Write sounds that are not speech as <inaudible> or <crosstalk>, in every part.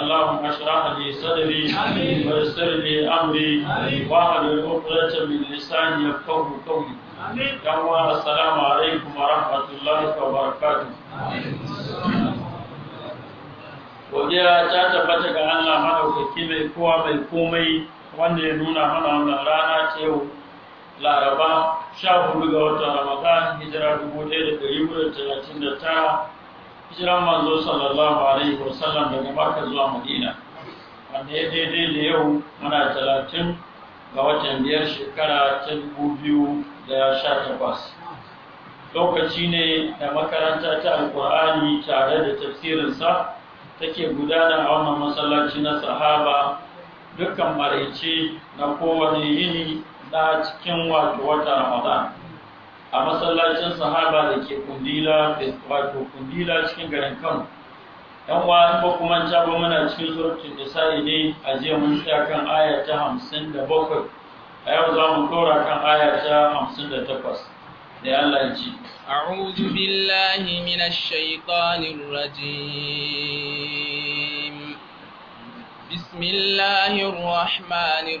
اللهم اشرح لي صدري ويسر لي امري واحلل عقدة من لساني يفقه قولي يوم السلام عليكم ورحمه الله وبركاته godiya ta tabbata ga Allah madaukaki mai kowa mai komai wanda ya nuna mana wannan rana ta yau laraba sha hudu ga watan ramadan hijira dubu ɗaya da ɗari talatin da tara hijiran manzo sallallahu alaihi sallam daga Makka zuwa Madina wanda ya daidai da yau muna talatin ga watan biyar shekara ta dubu biyu da sha takwas lokaci ne da makaranta ta alkur'ani tare da tafsirinsa take gudana a wannan masallaci na sahaba dukkan maraice na kowane yini na cikin wato wata ramadan a masallacin sahaba da ke kundila wato kundila cikin garin kano yan wa in ba kuma ta ba muna cikin suratul nisa'i ne a jiya mun tsaya kan aya ta 57 a yau za mu kora kan aya ta 58 da Allah ya ce a'udhu billahi minash shaitanir rajim bismillahir rahmanir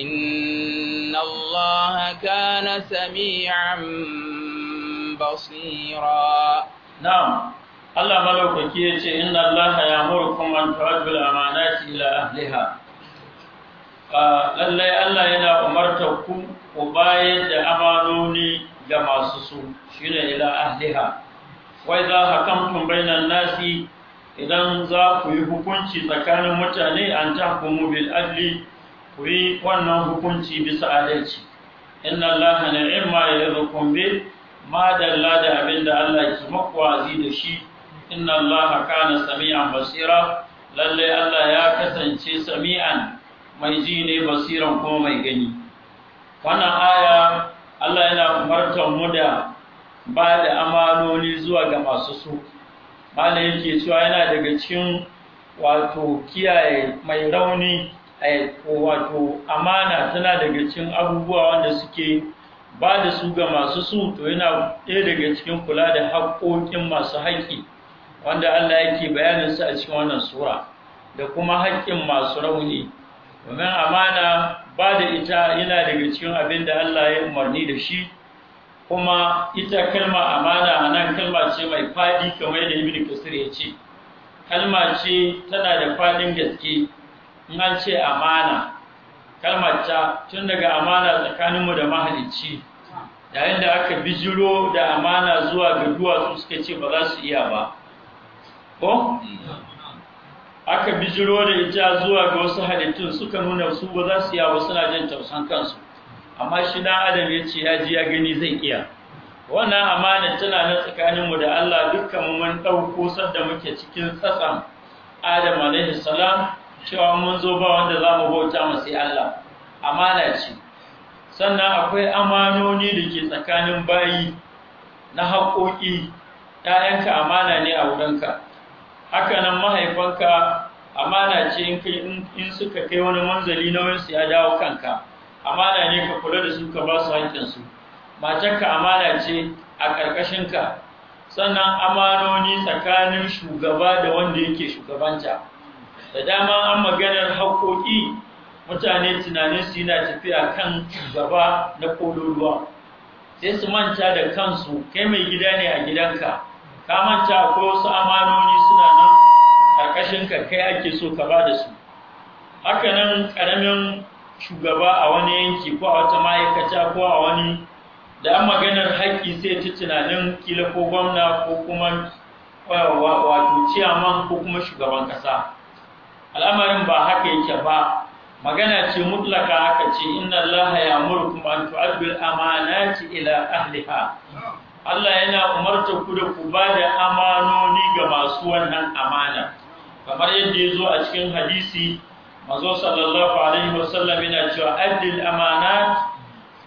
إن الله كان سميعا بصيرا نعم Allah malaukaki ya ce, Inna Allah ya muru kuma ta'adul amanati ila ahliha. Lallai Allah yana umartar ku ku bayar da amanoni ga masu su shi ne ila Wai za hakamtun bainan nasi idan za ku yi hukunci tsakanin mutane an tahkumu bil adli ku yi wannan hukunci bisa adalci inna allaha ni'ma yarzuqum bi ma dalla da abinda Allah ke makwazi wazi da shi inna allaha kana sami'an basira lallai Allah ya kasance sami'an mai ji ne basiran kuma mai gani wannan aya Allah yana umartar mu da ba da amanoni zuwa ga masu su malam yake cewa yana daga cikin wato kiyaye mai rauni wato amana tana daga cikin abubuwa wanda suke ba da su ga masu su to yana ɗaya daga cikin kula da haƙoƙin masu haƙƙi wanda Allah yake bayanin su a cikin wannan sura da kuma haƙƙin masu rauni domin amana ba da ita yana daga cikin abin da Allah ya umarni da shi kuma ita kalma amana a nan kalma ce mai faɗi kamar yadda Ibn Kasir ya ce kalma ce tana da faɗin gaske in an ce amana kalmar ta tun daga amana tsakaninmu da mahalicci yayin da aka bijiro da amana zuwa ga duwatsu suka ce ba za su iya ba ko aka bijiro da ita zuwa ga wasu halittun suka nuna su ba za su iya ba suna jin tausan kansu amma shi dan adam ya ce ya ji ya gani zai iya wannan amana tana na tsakaninmu da Allah dukkan mun ɗauko sadda muke cikin tsatsan Adam alaihi salam cewa mun zo ba wanda za mu bauta mu sai Allah amana ce sannan akwai amanoni da ke tsakanin bayi na haƙoƙi ‘ya'yanka amana ne a wurinka haka mahaifanka amana ce in suka kai wani manzali nauyinsu ya dawo kanka amana ne ka kula da su ka ba su haƙƙinsu matakka amana ce a ƙarƙashinka sannan amanoni tsakanin shugaba da wanda yake shugabanta da dama an maganar haƙoƙi mutane tunanin su yana tafiya kan gaba na kololuwa sai su manta da kansu kai mai gida ne a gidanka ka manta ko wasu amanoni suna nan ƙarƙashin ka kai ake so ka ba da su haka nan ƙaramin shugaba a wani yanki ko a wata ma'aikata ko a wani da an maganar haƙƙi sai ta tunanin kila ko gwamna ko kuma wato ciyaman ko kuma shugaban ƙasa al'amarin ba haka yake ba magana ce mutlaka haka ce inna allaha ya'murukum an tu'addu al-amanati ila ahliha Allah yana umarta ku da ku ba da amanoni ga masu wannan amana kamar yadda ya zo a cikin hadisi mazo sallallahu alaihi wasallam yana cewa addil amanat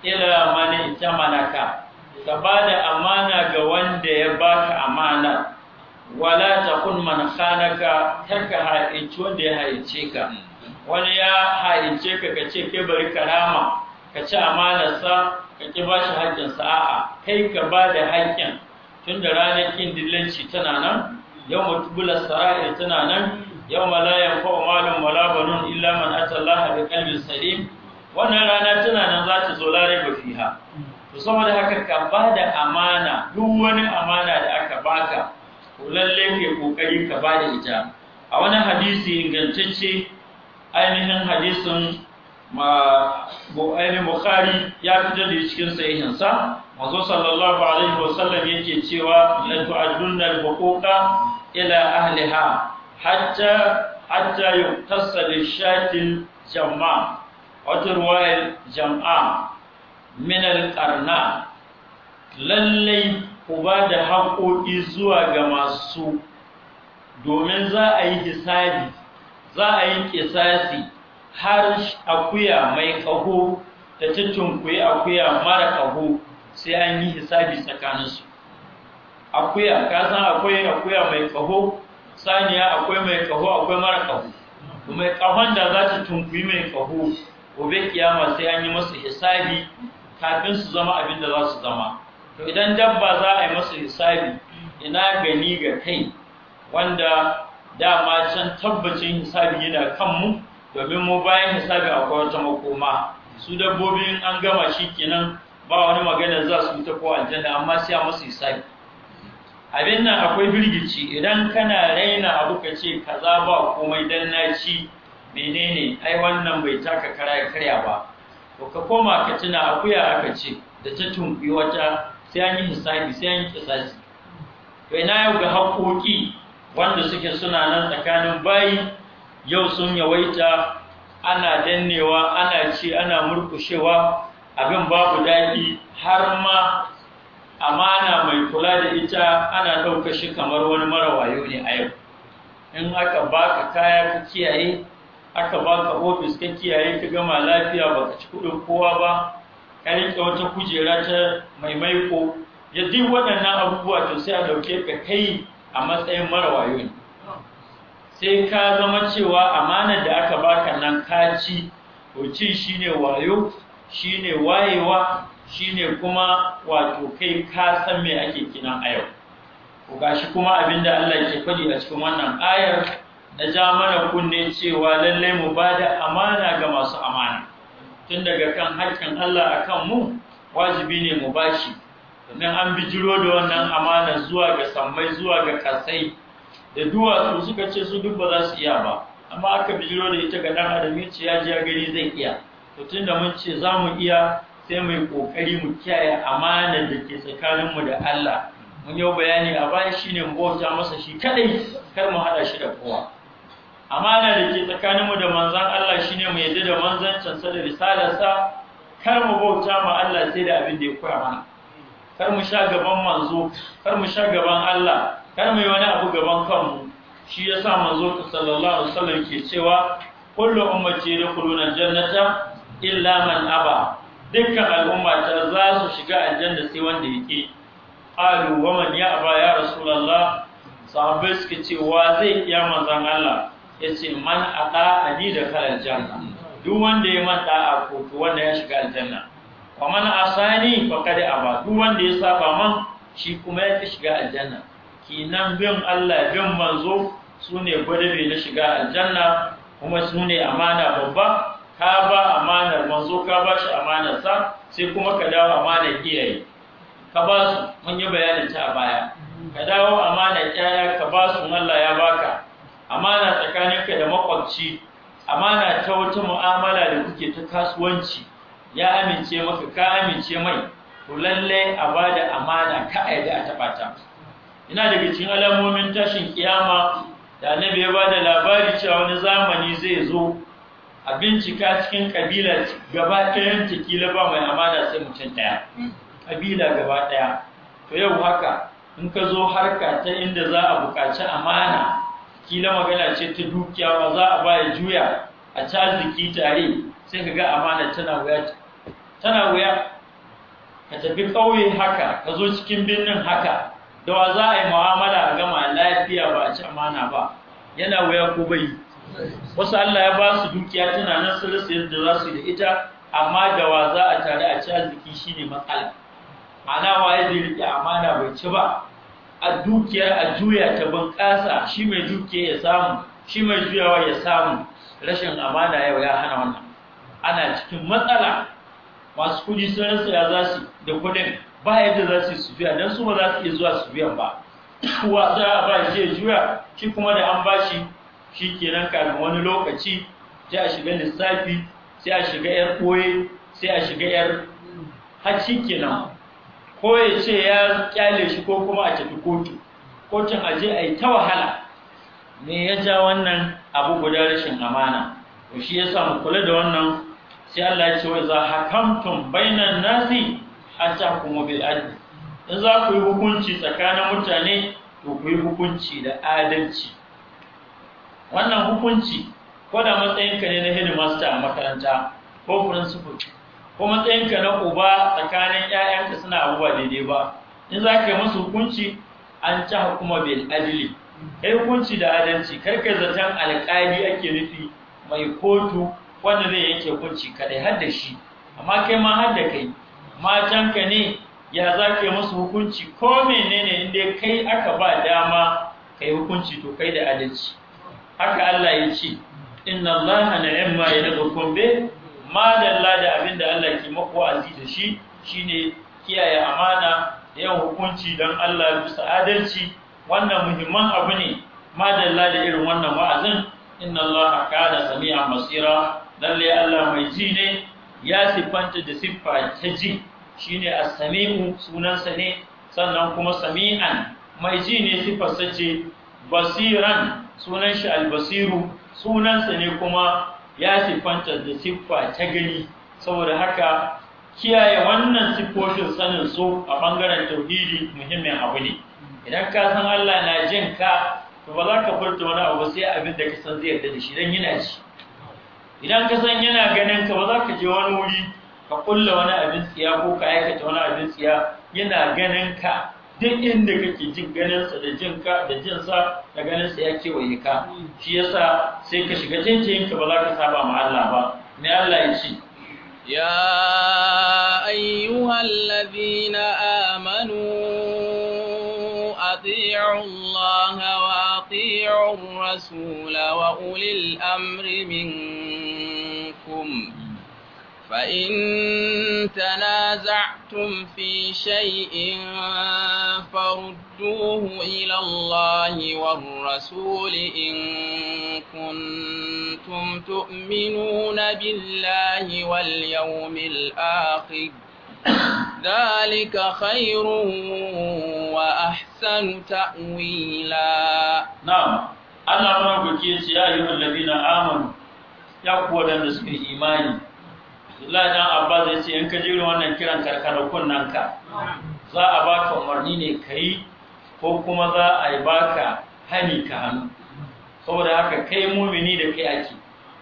ila man itamanaka ka ba da amana ga wanda ya baka amana wala takun man khanaka karka haice wanda ya haice ka wani ya haice ka ka ce ke bari karama ka ci amanarsa ka ki ba shi haƙƙinsa a'a kai ka ba da haƙƙin tun da ranar kin dillanci tana nan yau mutubula sara'ir tana nan yau malayan fa'o malin wala banun illa man atallaha bi kalbin salim wannan rana tana nan za ta zo larai ba fiha to saboda haka ka ba da amana duk wani amana da aka baka lallai lalle kai kokari ka ba da ita a wani hadisi ingantacce ainihin hadisin ma bukhari ya fitar da cikin sahihinsa mazo sallallahu alaihi wasallam yake cewa la tu'addunna al-huquqa ila ahliha hatta hatta yuqtasa lishatil jamma wata ruwayar jam'a min al-qarna lallai ku ba da haƙoƙi zuwa ga masu domin za a yi hisabi za a yi ƙisasi har akuya mai ƙaho ta tunkuyi akuya mara ƙaho sai an yi hisabi tsakaninsu akuya ka san akwai akuya mai ƙaho saniya akwai mai ƙaho akwai mara ƙaho mai ƙahon da za ta tunkuyi mai ƙaho gobe kiyama sai an yi masu hisabi kafin su zama abin da za su zama To idan dabba za a yi masu hisabi ina gani ga kai wanda dama can tabbacin hisabi yana kan mu domin mu bayan hisabi akwai wata makoma su dabbobin an gama shi kenan ba wani magana za su ta ko aljanna amma sai a masu hisabi abin nan akwai birgici idan kana raina abu ka ce kaza ba komai dan na ci menene ai wannan bai taka karya ba to ka koma ka tuna akuya aka ce da ta tunkuyi wata sai an yi misali sai an yi kisasi to ina yau ga haƙoƙi wanda suke suna nan tsakanin bayi yau sun yawaita ana dannewa ana ce ana murkushewa abin babu daɗi har ma amana mai kula da ita ana ɗauka shi kamar wani mara wayo ne a yau in aka baka kaya ka kiyaye aka baka ofis ka kiyaye ka gama lafiya baka ci kuɗin kowa ba ka riƙe wata kujera ta maimaiko ya duk waɗannan abubuwa to sai a ɗauke ka kai a matsayin mara wayo ne sai ka zama cewa amanar da aka baka nan ka ci to cin shine wayo shine wayewa shi ne kuma wato kai ka san me ake kinan a yau ko gashi kuma abin da Allah ke faɗi a cikin wannan ayar na ja mana kunne cewa lallai mu bada amana ga masu amana tun daga kan harkan Allah a kan mu wajibi ne mu bashi domin an bijiro da wannan amana zuwa ga sammai zuwa ga kasai da duwatsu suka ce su duk ba za su iya ba amma aka bijiro da ita ga dan adam ce ya ji gani zai iya to tunda mun ce za mu iya sai mu yi kokari mu kiyaye amanar da ke tsakanin mu da Allah mun yau bayani a baya shine mu bauta masa shi kadai kar mu hada shi da kowa amana da ke tsakaninmu da manzan Allah shi ne mu yadda da manzan manzancinsa da risalarsa kar mu bauta ma Allah sai da abin da ya koya mana kar mu sha gaban manzo kar mu sha gaban Allah kar mu yi wani abu gaban kanmu shi ya sa manzo 'Ka sallallahu alaihi ke cewa kullu ummati kuluna jannata illa man aba dukkan al'umma ta za su shiga aljanna sai wanda yake qalu wa man ya aba ya rasulullah sahabbai suka ce wa zai iya manzan Allah yace man a ani da kalan janna duk wanda ya manta a ko wanda ya shiga aljanna wa man asani a aba duk wanda ya saba man shi kuma ya fi shiga aljanna kinan bin Allah bin manzo sune gwadabe na shiga aljanna kuma sune amana babba ka ba amanar manzo ka ba shi amanar sa sai kuma ka dawo amana iyaye ka ba mun yi bayanin ta a baya ka dawo amanar kyaya ka ba su Allah ya baka amana tsakaninka da makwabci amana ta wata mu'amala da kuke ta kasuwanci ya amince maka ka amince mai to lalle a bada amana ka aida a tabata ina daga cikin alamomin tashin kiyama da annabi ya bada labari cewa wani zamani zai zo a bincika cikin kabila gaba ɗayan kila ba mai amana sai mutum ɗaya kabila gaba ɗaya to yau haka in ka zo harka ta inda za a buƙaci amana kila magana ce ta dukiya ma za a baya juya a caziki tare sai ka ga amana tana wuya tana wuya ka tafi ƙauye haka ka zo cikin birnin haka da wa za a yi mu'amala a gama lafiya ba a ci amana ba yana wuya ko bai wasu Allah ya ba su dukiya tana nan su rasa yadda za su da ita amma da wa za a tare a caziki shine matsala ana waye zai amana bai ci ba a dukiya a juya ta bunƙasa shi mai dukiya ya samu shi mai juyawa ya samu rashin amana yau ya hana wannan ana cikin matsala masu kudi sun rasa ya za su da kudin ba yadda za su yi su biya don su ba za su iya zuwa su biyan ba kuwa za a ba shi ya juya shi kuma da an ba shi shi kenan kafin wani lokaci sai a shiga lissafi sai a shiga yar koye sai a shiga yar har kenan ko ya ce ya kyale shi ko kuma a tafi kotu kotun aje a yi ta wahala me ya ja wannan abu guda rashin amana to shi yasa mu kula da wannan sai Allah ya ce wa za hakamtum bainan nasi an kuma bil adl in za ku yi hukunci tsakanin mutane to ku yi hukunci da adalci wannan hukunci ko da matsayinka ne na headmaster a makaranta ko principal ko matsayinka na uba tsakanin ‘ya'yanka suna abubuwa daidai ba in za ka yi musu hukunci an ci hukuma bil adili kai hukunci da adalci kar kai zaton alƙali ake nufi mai kotu wanda zai yanke hukunci kadai har da shi amma kai ma har da kai ka ne ya za ka yi musu hukunci ko menene in dai kai aka ba dama kai hukunci to kai da adalci haka Allah ya ce inna Allah na'imma yadhukum Kombe? madalla da abin da Allah ke maku wa'azi da shi shine kiyaye amana da yawan hukunci don Allah bisa adalci wannan muhimman abu ne madalla da irin wannan wa'azin inna Allah kana sami'an masira. lalle Allah mai ji ne ya siffanta da siffa ta ji shine as-sami'u sunansa ne sannan kuma sami'an mai ji ne siffarsa ce basiran sunan shi albasiru sunansa ne kuma ya siffanta da siffa ta gani saboda haka kiyaye wannan siffofin sanin su a ɓangaren tauhidi muhimmin abu ne idan ka san Allah na jin ka to ba za ka furta wani abu sai abin da ka san zai yarda da shi dan yana ci. idan ka san yana ganin ka ba za ka je wani wuri ka kulla wani abin tsiya ko ka aikata wani abin tsiya yana ganin ka duk inda kake jin ganinsa da jin ka da jin sa da ganinsa ya kewaye ka shi yasa sai ka shiga jinjin ka ba za ka saba ma Allah ba ne Allah ya ce ya ayyuhal ladina amanu ati'u Allah wa ati'u rasul wa ulil amri minkum فإن تنازعتم في شيء فردوه إلى الله والرسول إن كنتم تؤمنون بالله واليوم الآخر ذلك خير وأحسن تأويلا نعم أنا ربك يا أيها الذين آمنوا يقوى لنا اسم إيماني Abdullahi dan Abbas ya ce in ka jira wannan kiran karkara kunnan ka za a baka umarni ne yi ko kuma za a yi baka hani ka hannu saboda haka kai mumini da kai ake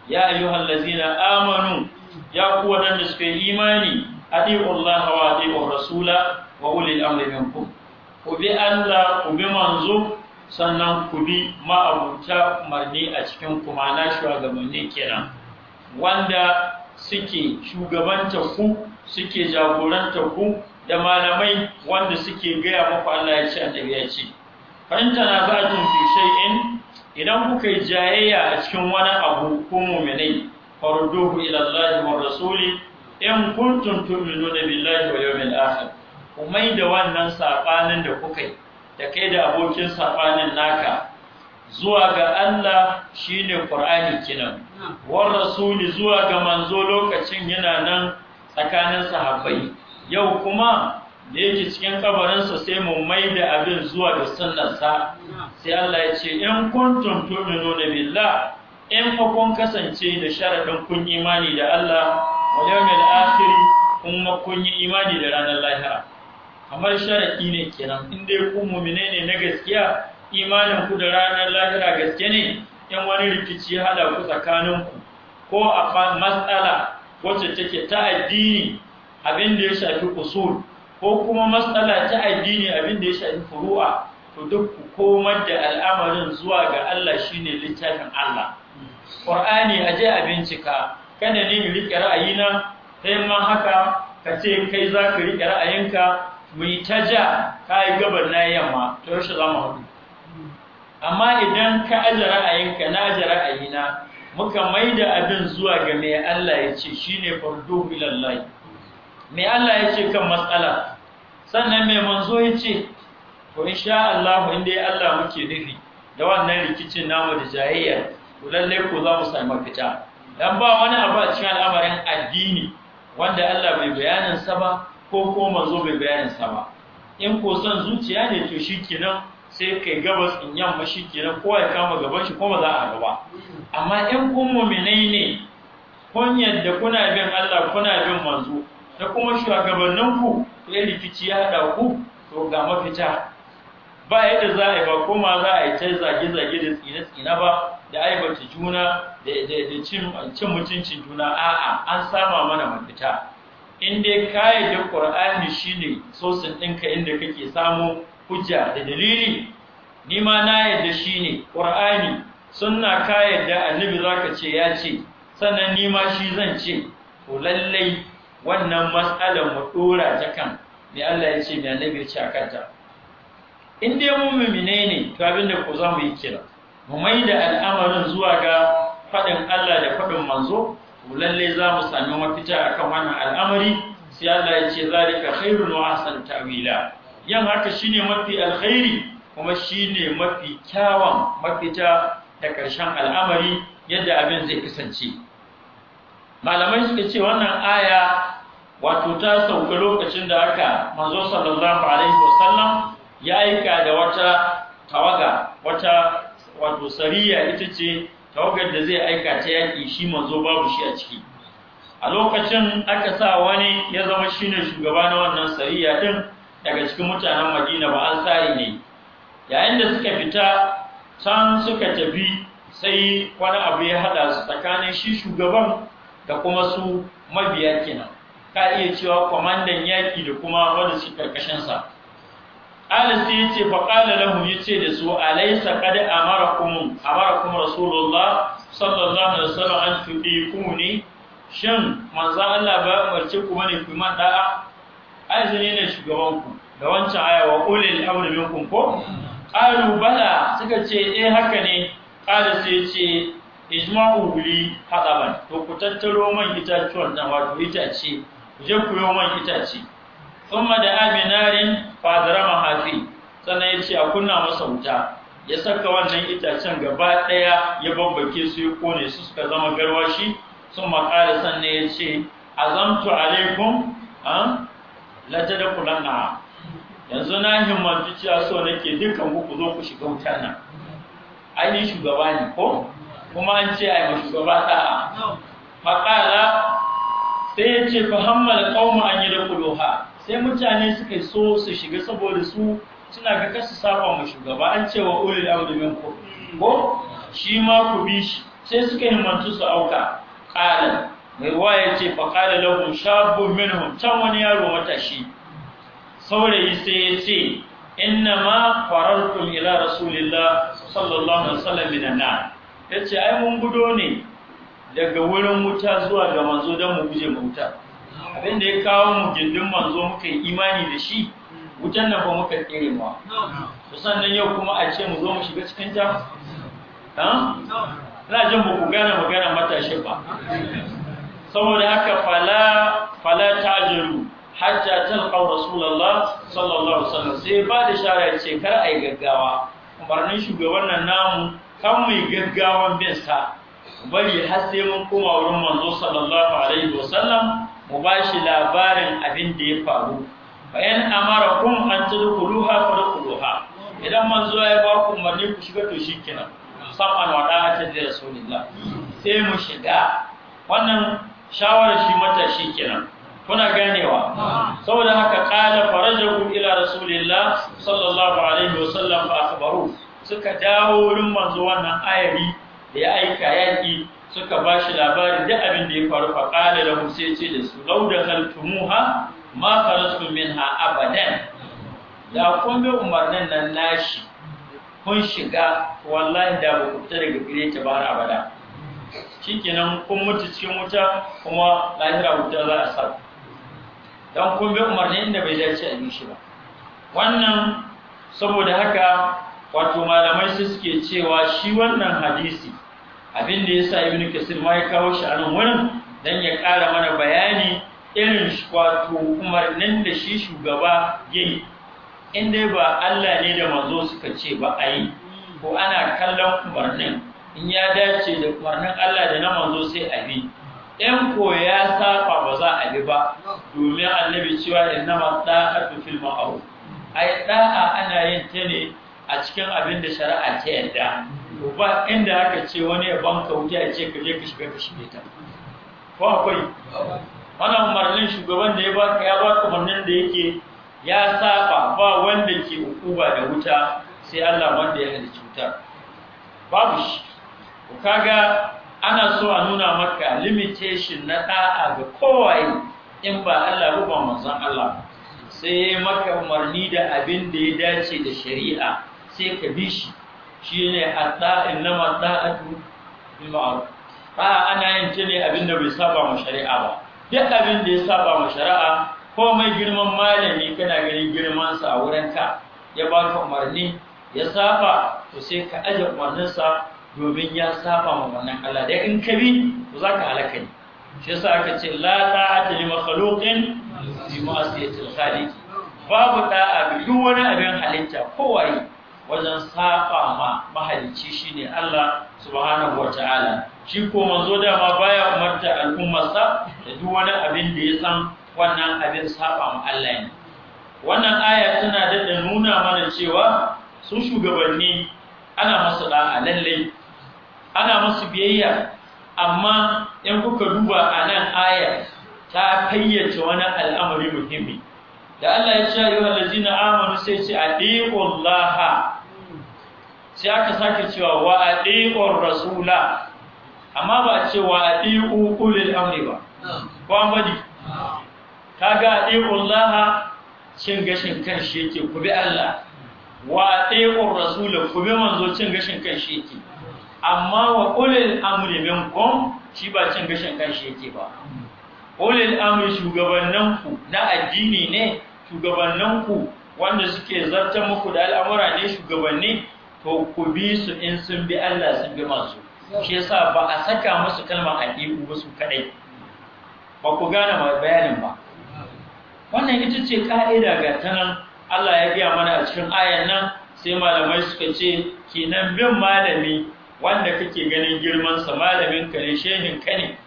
ya hallazi na amanu ya ku wadanda suka yi imani adiqu Allah wa adiqu rasula wa ulil amri minkum ku bi Allah ku bi manzo sannan ku bi ma'abuta umarni a cikin kuma na shugabanni kenan wanda suke shugabanta ku suke jagorantar ku da malamai wanda suke gaya muku Allah ya ce annabi ya ce na in tanaza'tum fi shay'in idan kuka yi jayayya a cikin wani abu ko mu'minai farduhu ila wa rasuli in kuntum tu'minuna billahi wa yawmil akhir kumai da wannan sabanin da kuka yi da kai da abokin sabanin naka zuwa ga Allah shi ne Qur'ani kinan war rasuli zuwa ga manzo lokacin yana nan tsakanin sahabbai yau kuma da yake cikin kabarinsa sai mu mai da abin zuwa da sunansa, sai Allah ya ce in kun tu'minuna billah in 'yan kun kasance da sharadin kun imani da Allah kuma kun yi imani da ranar lahira kamar sharaɗi ne kenan in dai ku mu'mine ne na gaskiya imanin ku da ranar lahira gaske ne in wani rikici ya hada ku tsakanin ku ko a matsala wacce take ta addini abin da ya shafi usul ko kuma matsala ta addini abin da ya shafi furu'a to duk ku komar da al'amarin zuwa ga Allah shine littafin Allah Qur'ani aje a bincika kada ne in rike ra'ayina sai ma haka ka ce kai za ka rike ra'ayinka mu yi ta ja ka yi gabar na yamma to yaushe za mu haɗu amma idan ka aje ra'ayinka na aje ra'ayina muka mai da abin zuwa ga mai Allah ya ce shine fardu ilallahi mai Allah ya ce kan matsala sannan mai manzo ya ce to sha Allah inda Allah muke nufi da wannan rikicin namu da jayayya to lalle ko za mu sami mafita dan ba wani abu a cikin al'amarin addini wanda Allah bai bayanin sa ba ko ko manzo bai bayanin sa ba in ko son zuciya ne to shi shikenan sai kai gabas in yamma shi kenan kowa ya kama gaban shi kuma za a gaba amma in kuma menai ne kun yadda kuna bin Allah kuna bin manzo ta kuma shugabannin ku ya rikici ya haɗa ku to ga mafita ba yadda za a yi ba kuma za a yi ta zage-zage da tsina tsina ba da aibata juna da cin mutuncin juna a'a an sama mana mafita in dai kayyade ƙur'ani shine sosin ɗinka inda kake samu hujja da dalili ni ma na yadda shi ne ƙur'ani sunna ka yadda annabi za ka ce ya ce sannan ni ma shi zan ce ko lallai wannan matsalar mu ɗora ta kan me Allah ya ce me annabi ya ce a kanta in dai mu mumine ne to abin da ku za mu yi kira mu mai da al'amarin zuwa ga faɗin Allah da faɗin manzo ko lallai za mu sami mafita akan wannan al'amari sai Allah ya ce zalika khairun wa ahsan ta'wila yin haka shine mafi alkhairi kuma shine mafi kyawan mafita da ƙarshen al'amari yadda abin zai kasance malamai suka ce wannan aya wato ta sauka lokacin da aka manzo sallallahu alaihi wasallam ya aika da wata tawaga wata wato sariya ita ce tawagar da zai aika ta yaƙi shi manzo babu shi a ciki a lokacin aka sa wani ya zama shine shugaba na wannan sariya din daga cikin mutanen madina ba ansari ne yayin da suka fita can suka tafi sai wani abu ya hada su tsakanin shi shugaban da kuma su mabiya kenan ka iya cewa kwamandan yaƙi da kuma wanda suke karkashinsa ƙala sai ya ce faƙala lahu ya ce da su alaisa kada amara amarakum rasulullah sallallahu alaihi wasallam an tuɗi kuma ne shin manzo Allah ba umarce ku bane ku man da'a azumi zane ne shugaban ku da wancan aya wa ulil amri kun ko qalu bala suka ce eh haka ne qala sai ce ijma'u haɗa ban to ku tattaro man itacuwan nan wato itace ku je ku yo man itace thumma da aminarin fadara mahafi sannan ya ce a kunna masa wuta ya saka wannan itacen gaba daya ya babbake su ya kone su suka zama garwashi sun makara sannan ya ce azamtu alaikum ah, lata da yanzu na himmatu cewa so nake dukan ku ku zo ku shiga wutar nan ainihin shugaba ne ko kuma an ce ai ma shugaba ta faƙala sai ya ce fahammal qauma an yi da kuloha sai mutane suka so su shiga saboda su suna ga kasu saba mu shugaba an ce wa ulil amri ko shi ma ku bi shi sai suka himmatu su auka qala mai ruwa ya ce faƙaɗa lagun shabun minhum can wani yaro matashi saurayi sai ya ce ina ma farartum ila rasulillah sallallahu alaihi wasallam na. Ya ce, ai mun gudo ne daga wurin wuta zuwa ga manzo don mu guje mu wuta abin ya kawo mu gindin manzo muka yi imani da shi wutan nan ba muka ma mu sannan yau kuma a ce mu zo mu shiga cikin ta ha ina jin ba ku gane magana matashi ba saboda haka fala fala tajiru hatta talqaw rasulullah sallallahu alaihi wasallam sai ba da shara ce kar ai gaggawa umarnin shugaban nan namu kan mai gaggawan bin sa bari har sai mun koma wurin manzo sallallahu alaihi wasallam mu ba shi labarin abin da ya faru bayan amara kun an tadkhuluha fadkhuluha idan manzo ya ba ku umarni ku shiga to shikenan musamman wa ta da rasulullah sai mu shiga wannan shawarar shi matashi kenan kuna ganewa saboda haka qala farajahu ila rasulillah sallallahu alaihi wasallam fa akhbaru suka dawo wurin manzo wannan ayari da ya aika yaki suka bashi labari da abin da ya faru fa qala lahu sai ce da su gauda kaltumuha ma kharajtum minha abadan da kun bi umarnin nan nashi kun shiga wallahi da ba ku fita daga gare ta ba har abada shikenan kun mutu cikin wuta kuma lahira wuta za a sa dan kun bi umarni inda bai dace a shi ba wannan saboda haka wato malamai su suke cewa shi wannan hadisi abin da yasa ibn kasir ma ya kawo shi a nan wurin dan ya ƙara mana bayani irin wato umarnin da shi shugaba yayi in dai ba Allah ne da manzo suka ce ba a yi ko ana kallon umarnin in ya dace da umarnin Allah da na manzo sai a bi in ko ya saba ba za a bi ba domin annabi cewa innama da'atu fil ma'ruf ai da'a ana yin ta ne a cikin abin da shari'a ta yarda to ba inda aka ce wani ya banka wuta ya ce ka je ka shiga ka shige ta ko akwai wannan umarnin shugaban da ya ba ya baka umarnin da yake ya saba ba wanda ke ukuba da wuta sai Allah wanda ya halicci wutar babu shi kaga ana so a nuna maka limitation na da'a ga kowaye in ba Allah ba manzon Allah sai maka umarni da abin da ya dace da shari'a sai ka bi shi shi hatta a da'atu na ma'ruf ba ana yin ta ne abin da bai saba ma shari'a ba duk abin da ya saba ma shari'a komai girman malami kana ganin girmansa a wurinka ya baka umarni ya saba to sai ka aje umarninsa domin ya saba ma wannan Allah da in ka bi to za ka halaka ne shi yasa aka ce la ta'ata li makhluqin fi al khaliq babu da'a bi duk wani abin halitta waye wajen saba ma mahalicci shine Allah subhanahu ta'ala shi ko manzo da ma baya umarta al'ummarsa da duk wani abin da ya san wannan abin saba ma Allah ne wannan aya tana da nuna mana cewa su shugabanni ana masu da'a lallai ana masu biyayya amma 'yan kuka duba a nan aya ta fayyace wani al'amari muhimmi da Allah ya ce ya yiwa lazina amanu sai ce a Laha sai aka sake cewa wa a rasula amma ba ce wa a ɗiƙu ƙulil amri ba ko an bari ga a Laha cin gashin kan shi yake ku bi Allah wa a rasula ku bi manzo cin gashin kan shi yake amma wa ulil amri minkum shi ba cin gashin kanshi yake ba ulil amri shugabanninku na addini ne shugabanninku wanda suke zartar muku da al'amura ne shugabanni to ku bi su in sun bi Allah sun bi masu shi yasa ba a saka musu kalmar addini ba su kadai ba ku gane bayanin ba wannan ita ce ka'ida ga tanan Allah ya biya mana a cikin ayan nan sai malamai suka ce kenan bin malami wanda kake ganin girman girmansa malaminka ne ka ne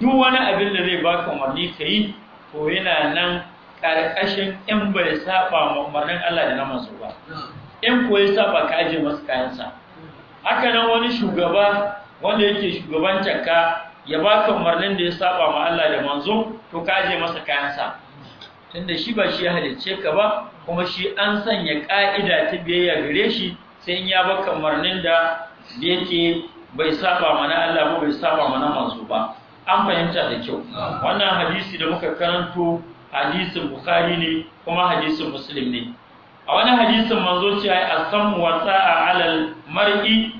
duk wani abin da zai baka umarni ka yi to yana nan ƙarƙashin in bai saba umarnin Allah da na masu ba in ko ya saba ka aje masa kayansa haka nan wani shugaba wanda yake shugaban ka ya baka umarnin da ya saba ma Allah da manzo to ka aje masa kayansa tunda shi ba shi ya halicce ka ba kuma shi an sanya ka'ida ta biyayya gare shi sai in ya baka umarnin da da yake bai saba mana Allah ba bai saba mana manzo ba an fahimta da kyau wannan hadisi da muka karanto hadisin bukhari ne kuma hadisin muslim ne a wani hadisin manzo ce ai asamu wa sa'a alal mar'i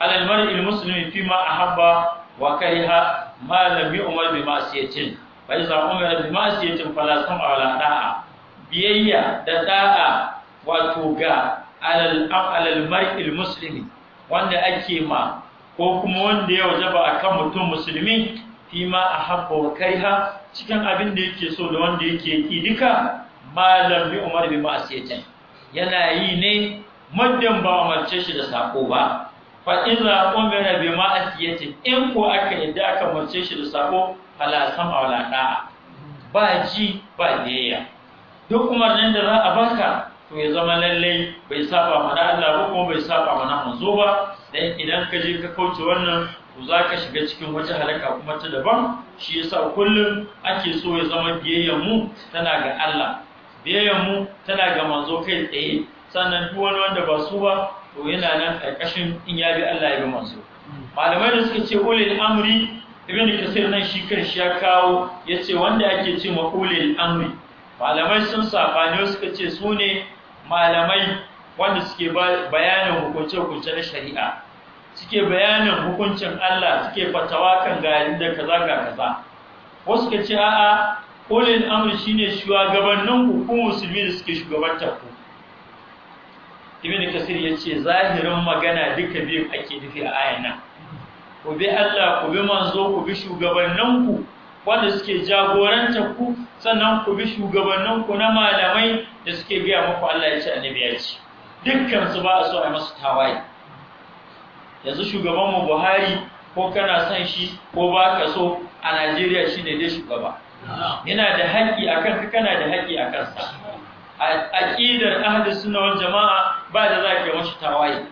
alal mar'i muslimi fi ma ahabba wa kariha ma lam yu'mar bi ma'siyatin fa iza umira bi ma'siyatin fala sam'a wala da'a biyayya da da'a wato ga alal mari al muslimi wanda ake ma ko kuma wanda ya wajaba kan mutum musulmi fi ma a habba wa kaiha cikin abin da yake so da wanda yake yi duka malam bi umar bi ma'asiyatin yana yi ne muddin ba umarce shi da sako ba fa zaƙon bai bi ma'asiyatin in ko aka yadda aka marce shi da sako fala sam wala da'a ba ji ba biyayya duk umarnin da za a baka to ya zama lallai bai saba mana Allah ba kuma bai saba mana manzo ba dan idan ka je ka kauce wannan to za ka shiga cikin wata halaka kuma ta daban shi yasa kullum ake so ya zama biyayyar mu tana ga Allah biyayyar mu tana ga manzo kai tsaye sannan duk wani wanda ba su ba to yana nan karkashin in ya bi Allah ya bi manzo malamai da suka ce ulil amri ibn kasir nan shi kanshi ya kawo yace wanda ake ce ma ulil amri malamai sun ne suka ce su ne malamai wanda suke bayanin hukunce-hukunce na shari'a suke bayanin hukuncin Allah suke fatawa kan gari da kaza ga kaza wasu ka ce a'a kolin amri shine shugabannin hukumar musulmi da suke shugabantar ku ibn kasir yace zahirin magana duka biyu ake nufi a ayan nan ku bi Allah ku bi manzo ku bi shugabanninku wanda suke jagorantar ku sannan ku bi shugabanninku na malamai da suke gaya muku Allah ya ce annabi ya ce dukkan su ba a so a masu tawaye yanzu shugaban mu Buhari ko kana son shi ko ba ka so a Najeriya shine dai shugaba yana da haƙƙi akan ka kana da haƙƙi akan sa aqidar ahlus sunna wal jamaa ba da za masu tawayi tawaye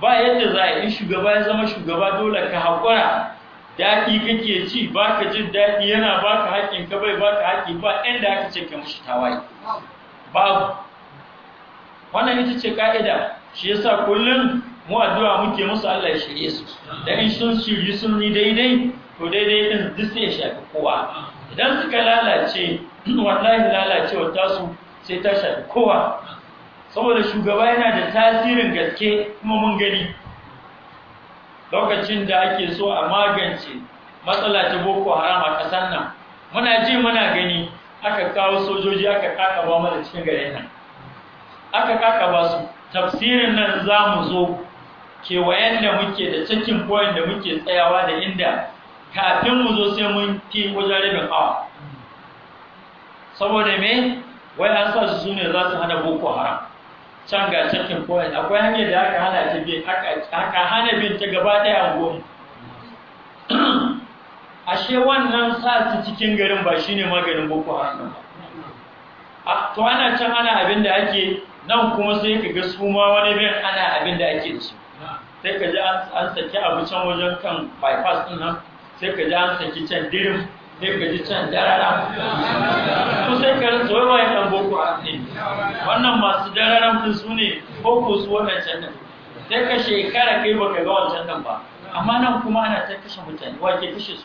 ba yadda za a in shugaba ya zama shugaba dole ka haƙura daɗi kake ci baka jin daɗi yana baka haƙƙin ka bai baka haƙƙin ba inda aka ce ka mushi tawaye babu wannan ita ce ka'ida shi yasa kullum mu addu'a muke musu Allah ya shirye su da in sun shirye su ni daidai to daidai din duk sai ya shafi kowa idan suka lalace <clears throat> wallahi lalacewa tasu sai ta shafi kowa saboda shugaba yana da tasirin gaske kuma mun gani lokacin da ake so a magance matsala ta boko haram a ƙasar nan muna ji muna gani aka kawo sojoji aka kakaba mana cikin garin nan aka kakaba su tafsirin nan za mu zo kewayen da muke da cikin point da muke tsayawa da inda kafin mu zo sai mun fi wajen rabin awa saboda me wai an sa su ne za su hana boko haram can ga cikin point akwai hanyar da aka hana ta bi aka hana bin ta gaba ɗaya a goma <clears throat> ashe wannan sa su cikin garin ba shine maganin boko haram ba to ana can ana abin da ake nan kuma sai ka ga su ma wani bin ana abin da ake da shi? sai ka ji an saki abu wajen kan bypass din nan sai ka ji an saki can dirin sai ka ji can darara kusan karin tsawai ma yan boko a ne wannan masu dararan din su ne boko su wadancan nan sai ka shekara kai baka ga wancan nan ba amma nan kuma ana ta kashe mutane wake kashe su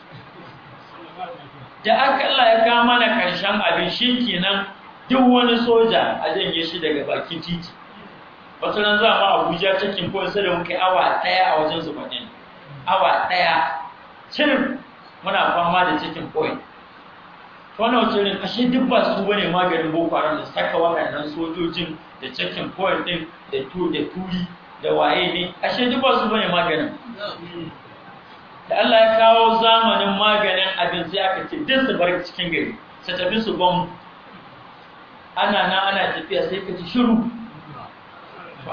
da aka Allah ya kawo mana karshen abin shi kenan duk wani soja a janye shi daga bakin titi wata nan za mu Abuja cikin ko sai da muke awa daya a wajen zubanin awa daya cin muna fama da cikin point wannan shirin ashe duk ba su bane maganin boko haram da saka waɗannan sojojin da cikin point din da to da turi da waye ne ashe duk ba su bane maganin da Allah ya kawo zamanin maganin abin sai aka ce duk su bar cikin gari su tafi su gwam ana nan ana tafiya sai ka ci shiru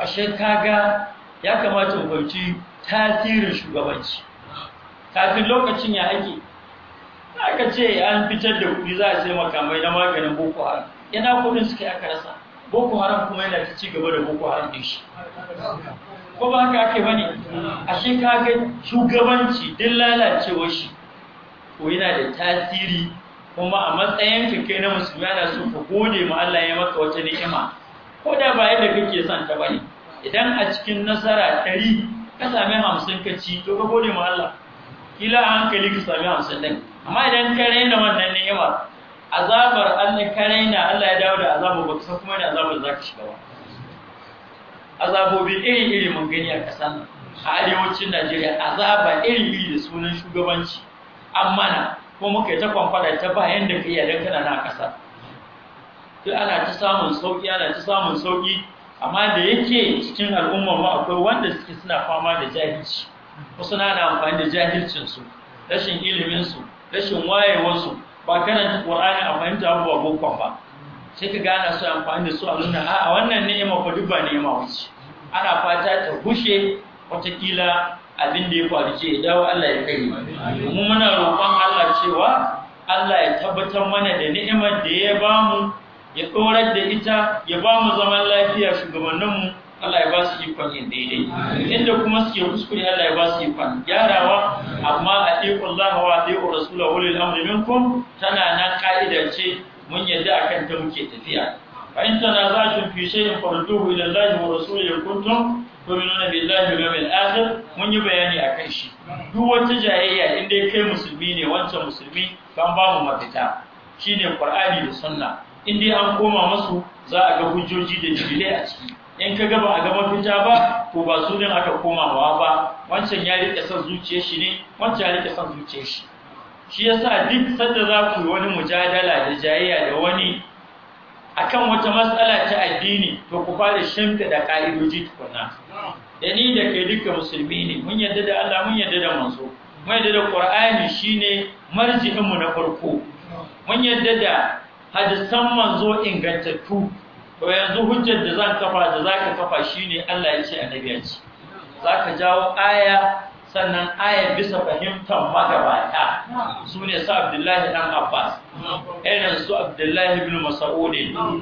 ashe kaga ya kamata mu fahimci tasirin shugabanci kafin lokacin ya ake aka ce an fitar da kuɗi za a ce makamai na maganin boko haram yana kuɗin suka aka rasa boko haram kuma yana ta ci gaba da boko haram ɗin shi ko ba haka ake bane ashe ka ga shugabanci duk lalacewar shi ko yana da tasiri kuma a matsayin ka na musulmi ana so ka gode ma Allah ya maka wata ni'ima ko da ba yadda kake son ta bane idan a cikin nasara ɗari ka sami hamsin ka ci to ka gode ma Allah kila hankali ka sami hamsin ɗin amma idan ka raina wannan yawa. azabar Allah ka raina Allah ya dawo da azabar ba san kuma ni azabar za ka shiga ba azabobi irin iri mun gani a ƙasar a arewacin Najeriya azaba irin iri da sunan shugabanci amma na ko muka yi ta kwamfada ta ba da ka iya dan kana na ƙasa duk ana ta samun sauƙi ana ta samun sauƙi amma da yake cikin al'ummar mu akwai wanda suke suna fama da jahilci wasu na da amfani da jahilcinsu rashin iliminsu rashin wayewarsu ba kana Qur'ani a fahimta abubuwa bokon ba sai ka gana su amfani da su a nuna a wannan ni'ima ko duk ba ni'ima wuce ana fata ta gushe watakila abin da ya faru ce ya dawo Allah ya kai mu muna roƙon Allah cewa Allah ya tabbatar mana da ni'imar da ya bamu ya ɗorar da ita ya bamu zaman lafiya shugabanninmu Allah ya ba su ikon yin daidai inda kuma suke kuskure Allah ya ba su ikon gyarawa amma a ɗiƙon Allah wa ɗiƙon Rasulullah wulil amri minkum tana na ka'idar ce mun yadda akan ta muke tafiya فإن za في شيء فردوه إلى الله ورسوله كنتم تؤمنون بالله واليوم الآخر mun yi bayani akan shi duk wata jayayya inda kai musulmi ne wancan musulmi ban ba mu mafita shine Qur'ani da Sunna in dai an koma masu za a ga hujjoji da dalilai a ciki in ka gaba a gaba fita ba to ba su sunan aka komawa ba wancan ya rike son zuciyar shi ne wancan ya rike son zuciyar shi shi yasa duk sanda za ku yi wani mujadala da jayayya da wani akan wata matsala ta addini to ku fara shimfi da ka'idoji tukunna da ni da kai duka musulmi ne mun yarda da Allah mun yarda da manzo mun yarda da Qur'ani shine marji'inmu na farko mun yarda da hadisan manzo ingantattu to yanzu hujjar da zan kafa da zaka kafa shine Allah ya ce annabi ya ce zaka jawo aya sannan aya bisa fahimtar magabata su ne su Abdullahi dan Abbas irin su Abdullahi ibn Mas'ud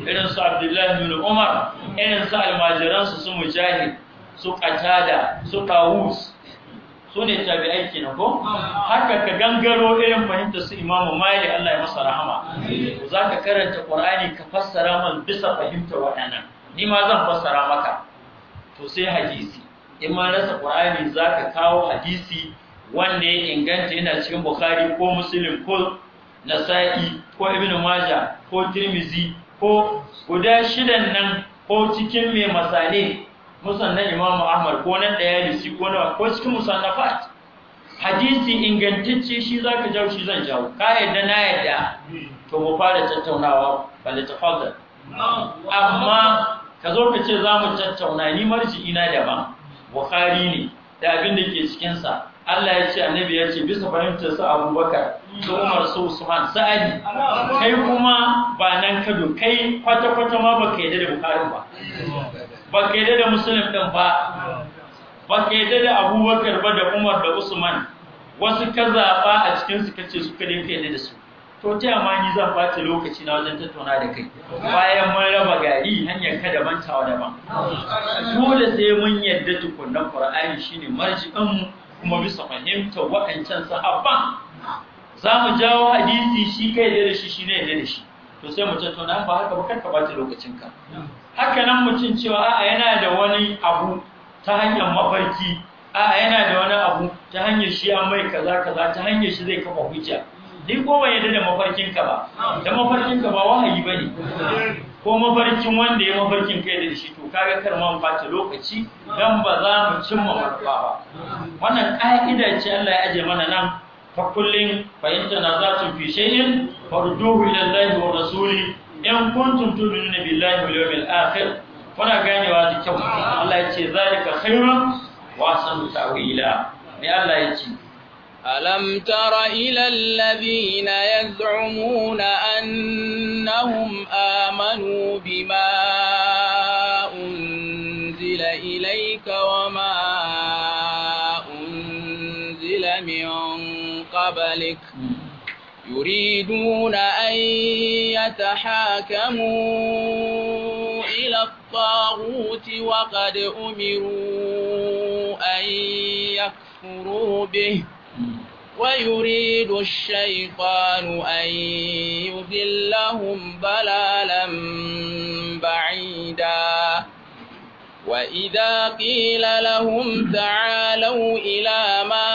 irin su Abdullahi ibn Umar irin su almajiran su su Mujahid su Qatada su Tawus su ne tabi'ai kenan ko haka ka gangaro irin fahimtar su imamu mali Allah ya masa rahama za ka karanta qur'ani ka fassara man bisa fahimtar waɗannan ni ma zan fassara maka to sai hadisi in ma rasa qur'ani za ka kawo hadisi wanda ya inganta yana cikin bukhari ko muslim ko nasa'i ko ibnu majah ko tirmizi ko guda shidan nan ko cikin mai masane musannan Imam Ahmad ko nan daya da shi ko nawa ko cikin musannafat hadisi ingantacce shi zaka jawo shi zan jawo ka yadda na yadda to mu fara tattaunawa da tafadda amma ka zo ka ce za mu tattauna ni marji ina da daban bukhari ne da abin da ke cikin sa Allah ya ce annabi ya ce bisa fahimtar su abubakar su umar su usman sa'adi kai kuma ba nan kado kai kwata-kwata ma baka ka yadda da bukarin ba ba ka yi da musulun ɗin ba ba ka yi da abubakar ba da umar da usman wasu ka zaɓa a cikinsu ka ce su ka dai da su to ta ni zan ɓata lokaci na wajen tattauna da kai bayan mun raba gari hanyar kada wa daban dole sai mun yarda tukunnan qur'ani shine marji'in mu kuma bisa fahimtar wa'ancan sahabban za mu jawo hadisi shi kai da shi shi ne da shi to sai mu tattauna ba haka ba bata lokacin lokacinka haka nan mutum cewa a'a yana da wani abu ta hanyar mafarki a'a yana da wani abu ta hanyar shi an mai kaza kaza ta hanyar shi zai kafa hujja ni ko ban yadda da mafarkin ka ba da mafarkin ka ba wahayi bane ko mafarkin wanda ya mafarkin kai da shi to kaga kar ma bata lokaci dan ba za mu cimma manufa ba wannan ka'ida ce Allah ya aje mana nan fa kullin fa in nazatu fi shay'in farduhu ila Allah wa rasu. in kuntum tu'minuna billahi wal yawmil akhir kuna ganewa da kyau Allah ya ce zalika khairun wa ahsanu ta'wila ne Allah ya ce ألم تر إلى الذين يزعمون أنهم آمنوا بما يريدون أن يتحاكموا إلى الطاغوت وقد أمروا أن يكفروا به ويريد الشيطان أن يذلهم ضلالا بعيدا وإذا قيل لهم تعالوا إلى ما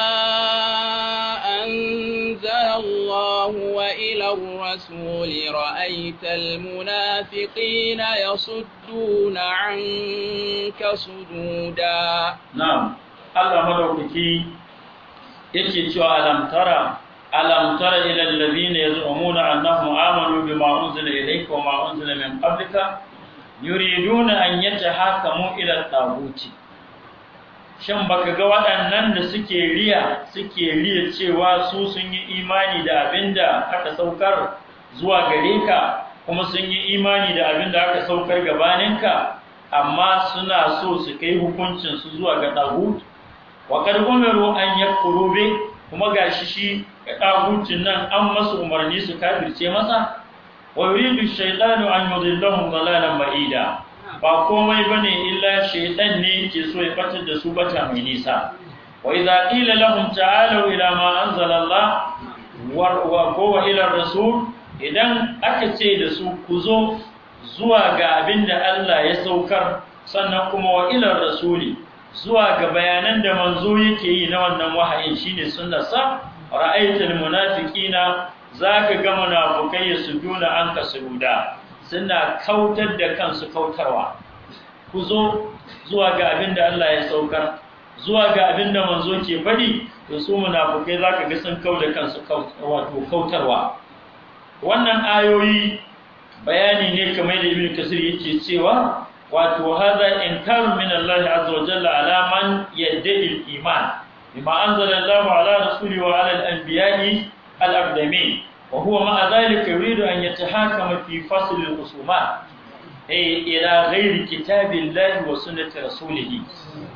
رأيت المنافقين يصدون عنك صدودا نعم ألا مدوكي yake cewa ألم ترى ألم ترى إلى الذين يزعمون أنهم آمنوا بما أنزل إليك wa أنزل من قبلك يريدون أن يتحاكموا إلى ila shin baka ga waɗannan da suke riya suke riya cewa su sun yi imani da abin da aka saukar zuwa gare kuma sun yi imani da abin da aka saukar gabaninka amma suna so su kai hukuncin su zuwa ga ɗagut wa umaru an yakfuru bi kuma gashi shi ga ɗagutin nan an masu umarni su kafirce masa wa yuridu shaytanu an yudillahum dalalan ma'ida ba komai bane illa shaytan ne ke so ya ɓatar da su bata mai nisa wa idza qila lahum ta'alu ila ma anzalallah wa wa ila rasul idan aka ce da su ku zo zuwa ga abin da Allah ya saukar sannan kuma wa ilar rasuli zuwa ga bayanan da manzo yake yi na wannan wahayin shine sa ra'aytul munafiqina zaka ga munafikai yasuduna anka sujuda suna kautar da kansu kautarwa ku zo zuwa ga abin da Allah ya saukar zuwa ga abin da manzo ke fadi to su munafikai zaka ga sun kauda kansu wato kautarwa wannan ayoyi bayani ne kamar da ibn kasir yake cewa wato hadha inkaru min Allah azza wa jalla ala man yaddai al-iman bima anzala Allah ala rasuli wa ala al-anbiya'i al-aqdamin wa huwa ma'a dhalika yuridu an yatahakama fi fasl al-khusumat ay ila ghairi kitabillahi wa sunnati rasulih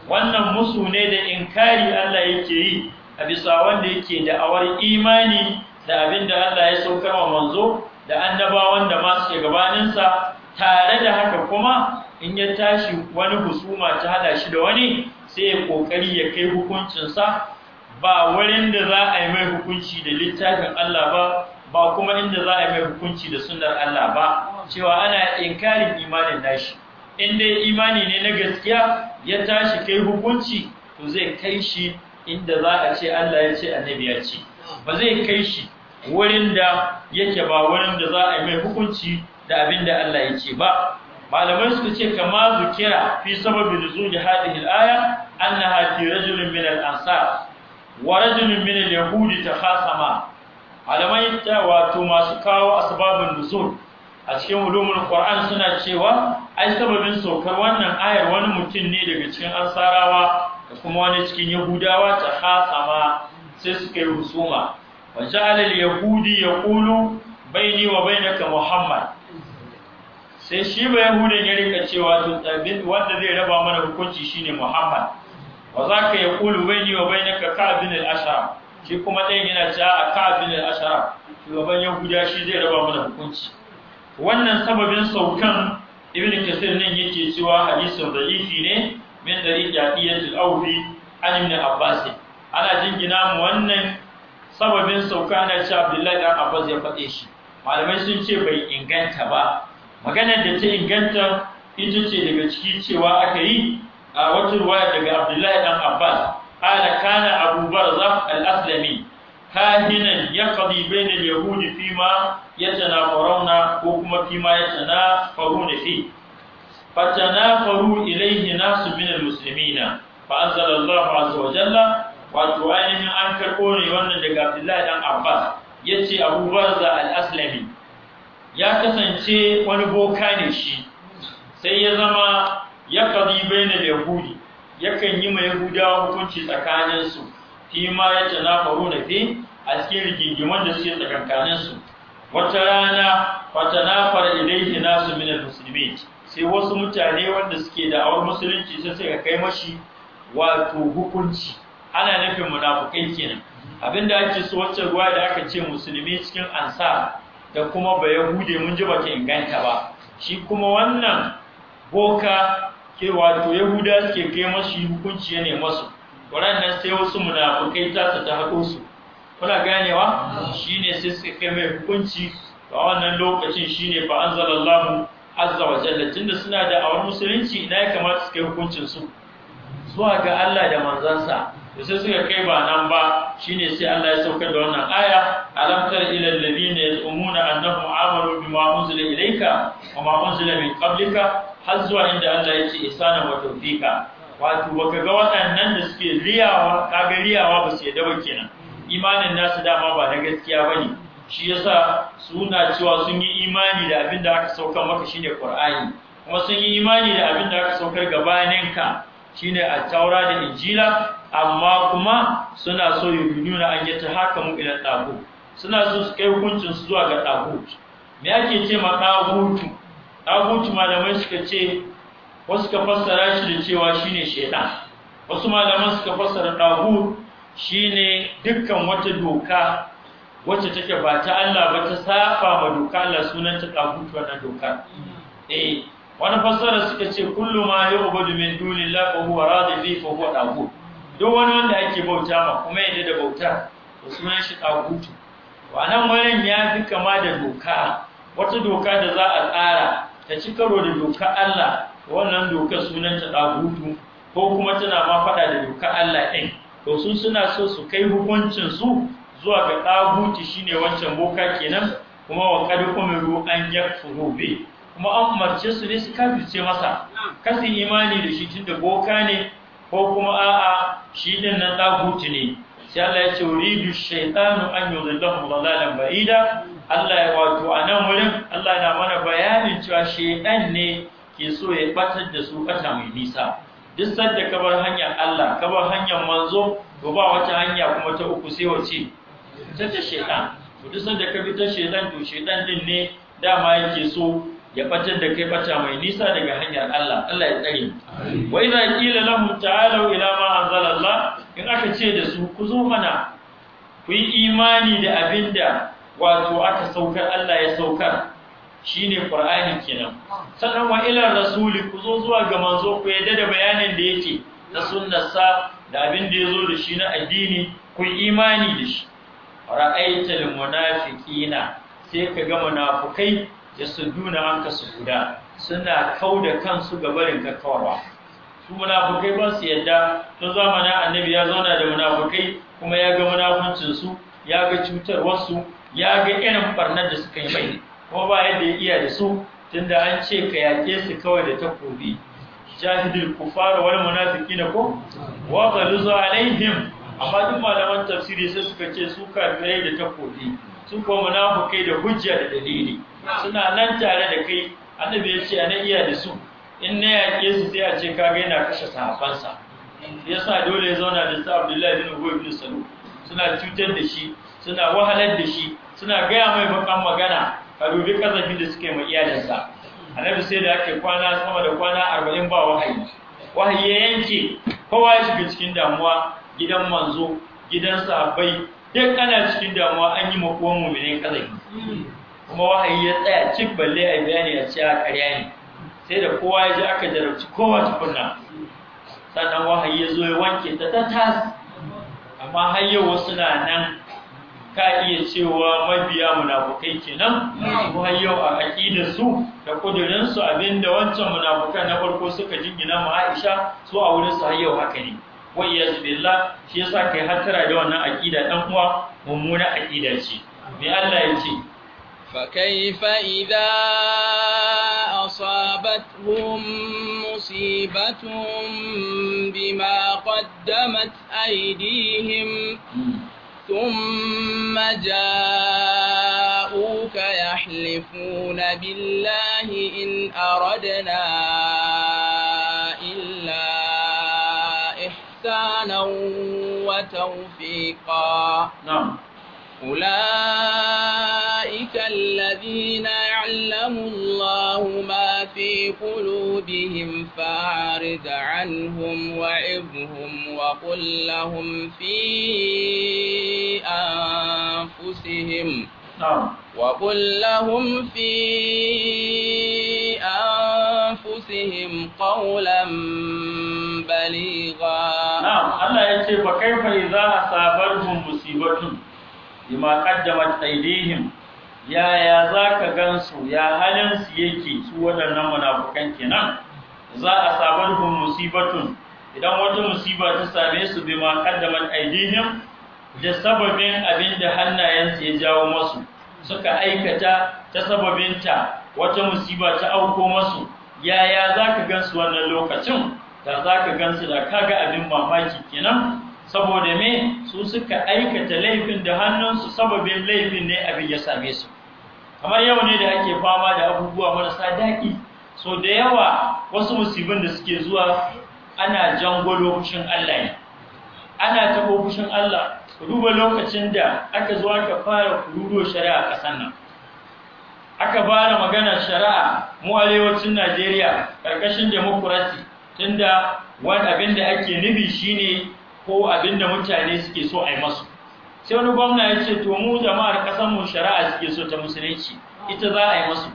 wannan musu ne da inkari Allah yake yi a bisa wanda yake da awar imani da abin da Allah ya saukar wa manzo da annabawan da masu suke tare da haka kuma in ya tashi wani husuma ta hada shi da wani sai ya kokari ya kai hukuncinsa ba wurin da za a yi mai hukunci da littafin Allah ba ba kuma inda za a yi mai hukunci da sunnar Allah ba cewa ana inkarin imanin nashi in dai imani ne na gaskiya ya tashi kai hukunci to zai kai shi inda za a ce Allah ya ce annabi ya ce ba zai kai shi wurin da yake ba wurin da za a yi mai hukunci da abin da Allah ya ce ba malamai suka ce kama zukira fi sababi nuzuli hadhihi al-aya annaha fi rajulin min al-ansar wa rajulin min al-yahudi khasama. malamai ta wato masu kawo asbabun nuzul a cikin ulumul qur'an suna cewa ai sababin saukar wannan ayar wani mutum ne daga cikin ansarawa da kuma wani cikin yahudawa ta khasama. sai suka yi husuma wa ja'ala yahudi yaqulu baini wa bainaka muhammad sai shi ba yahudan ya rika cewa to tsabin wanda zai raba mana hukunci shine muhammad wa zaka yaqulu baini wa bainaka ka'bin al-ashra shi kuma ɗayan yana cewa a ka'b bin al-ashra shugaban yahuda shi zai raba mana hukunci wannan sababin saukan ibn kasir nan yake cewa hadisin da'ifi ne min dariqi aqiyatul awfi an ibn Abbasin. ana jingina mu wannan sababin sauka ana cewa Abdullahi dan Abbas ya faɗe shi malamai sun ce bai inganta ba maganar da ta inganta ita ce daga ciki cewa aka yi a wata ruwaya daga Abdullahi dan Abbas ala kana Abu Barzakh al-Aslami kahinan yaqdi bayna al-yahudi fima yatanafaruna ko kuma fima yatanafaruna fi fatanafaru ilayhi nasu min al-muslimina fa anzala Allah azza wa jalla wato ainihin an karɓo ne wannan daga Abdullahi dan Abbas yace Abu Barza al-Aslami ya kasance wani boka ne shi sai ya zama ya qadi baina yahudi yakan yi mai yahudawa hukunci tsakanin su fi ma ya faru da fi a cikin rigingimin da suke tsakankanin su wata rana Fatana fara ilaihi nasu min al-muslimin sai wasu mutane wanda suke da awar musulunci sai suka kai mashi wato hukunci ana nufin munafukai kenan abinda ake so wacce ruwa da aka ce musulmi cikin ansa da kuma ba yahude mun ji ta inganta ba shi kuma wannan boka ke wato yahuda suke kai masu hukunci ne masu waɗannan sai wasu munafukai ta su ta haɗo su kuna ganewa ne sai suka kai mai hukunci a wannan lokacin shi ne shine an anzalallahu azza wa jalla tunda suna da awar musulunci ina ya kamata su kai hukuncin su zuwa ga Allah da manzansa da sai suka kai ba nan ba shine sai Allah ya sauka da wannan aya alam tara ila alladhina yazumuna annahum amalu bima unzila ilayka wa ma unzila min qablika har zuwa inda Allah ya ce ihsana wa tawfika wato baka ga waɗannan da suke riyawa kaga riyawa ba su yadda ba kenan imanin nasu dama ba na gaskiya ba ne. shi yasa suna cewa sun yi imani da abin da aka saukar maka shine Qur'ani kuma sun yi imani da abin da aka saukar gabaninka shine a taura da injila amma kuma suna so yuminuna an yi mu ila tagut suna so su kai hukuncin su zuwa ga tagut me ake ce ma tagutu tagutu malamai suka ce wasu ka fassara shi da cewa shine shaitan wasu malaman suka fassara tagut shine dukkan wata doka wacce take ba ta Allah ba ta safa ma doka Allah sunanta tagut wannan doka eh wani fassara suka ce kullum ma yu'budu min dunillahi wa huwa zai fa huwa tagut duk wani wanda ake bauta ma kuma yadda da bauta da sunan shi tagut to anan wani ya fi kama da doka wata doka da za a tsara ta ci karo da doka Allah wannan doka sunan ta ko kuma tana ma faɗa da doka Allah ɗin. to sun suna so su kai hukuncin su zuwa ga tagut shine wancan boka kenan kuma wa qad umiru an yakfuru bi kuma an umarce su ne su kafirce masa kasu imani da shi da boka ne ko kuma a'a shi din nan daguti ne sai Allah ya ce uridu shaytanu an yudillahu dalalan ba'ida Allah ya wato a nan wurin Allah na mana bayanin cewa shaytan ne ke so ya batar da su kasa mai nisa duk sanda ka bar hanyar Allah ka bar hanyar manzo to ba wata hanya kuma ta uku sai wace ta ta shaytan to duk sanda ka bi ta shaytan to shaytan din ne dama yake so ya bacar da kai bata mai nisa daga hanyar Allah Allah ya tsare wa idza qila lahum ta'alu ila ma anzalallah in aka ce da su ku zo mana ku yi imani da abinda wato aka saukar Allah ya saukar shine Qur'ani kenan sannan wa ila rasuli ku zo zuwa ga manzo ku yadda da bayanin da yake na sunnarsa da abin da yazo da shi na addini ku imani da shi ra'aytal munafiqina sai ka ga munafukai yasudduna anka guda, suna kauda kansu ga barin kakkawarwa su munafukai ba su yadda tun zamanin annabi ya zauna da munafukai kuma ya ga munafuncin su ya ga cutarwarsu ya ga irin barnar da suka yi mai kuma ba yadda ya iya da su tunda an ce ka yaƙe su kawai da takobi jahidul wani wal na ko wa a alaihim amma duk malaman tafsiri sai suka ce su kafirai da takobi su kuma munafukai da hujja da dalili suna nan tare da kai annabi ya ce ana iya da su in na yaƙe su sai a ce kaga yana kashe sahabansa yasa dole ya zauna da sa Abdullahi bin Ubay bin Salul suna cutar da shi suna wahalar da shi suna gaya mai bakan magana ka dubi kazafin da suke ma iyalinsa annabi sai da ake kwana sama da kwana arba'in ba wahayi wahayi ya yanke kowa ya shiga cikin damuwa gidan manzo gidan sahabbai duk ana cikin damuwa an yi makuwan ne kazafi kuma wahayi ya tsaya cik balle a bayani a cewa ƙarya ne sai da kowa ya ji aka jarabci kowa tukunna sannan wahayi ya zo ya wanke ta ta tas amma har yau wasu na nan ka iya cewa mabiya munafukai kenan ko a aqidar su da kudurin su abinda wancan munafukan na farko suka jingina ma Aisha su a wurin su har haka ne wa iyaz billah shi yasa kai hattara da wannan aqida dan uwa mummuna aƙida ce me Allah ya ce فكيف إذا أصابتهم مصيبة بما قدمت أيديهم ثم جاءوك يحلفون بالله إن أردنا إلا إحسانا وتوفيقا نعم أولئك الذين يعلم الله ما في قلوبهم فأعرض عنهم وعظهم وقل لهم في أنفسهم نعم. وقل لهم في أنفسهم قولا بليغا نعم الله يقول فكيف إذا أصابتهم مصيبة بما قدمت أيديهم yaya za ka gan su ya halin su yake su waɗannan munafukan kenan za a sabarhum musibatun idan wata musiba ta same su bi ma kaddamar aidihim da sababin abin da hannayensu ya jawo masu suka aikata ta sababin ta wata musiba ta auko masu yaya za ka gan su wannan lokacin da za ka gan su da kaga abin mamaki kenan saboda me su suka aikata laifin da hannunsu sababin laifin ne abin ya same su kamar yau ne da ake fama da abubuwa marasa daɗi so da yawa wasu musibin da suke zuwa ana jangolo fushin Allah ne ana tabo fushin Allah duba lokacin da aka zo ka fara kururo shari'a ƙasar nan aka fara magana shari'a mu arewacin Najeriya ƙarƙashin demokrasi tunda wani abin da ake nufi shine ko abin da mutane suke so a yi masu sai wani gwamna ya ce to mu jama'ar kasar mu shari'a suke so ta musulunci ita za a yi masu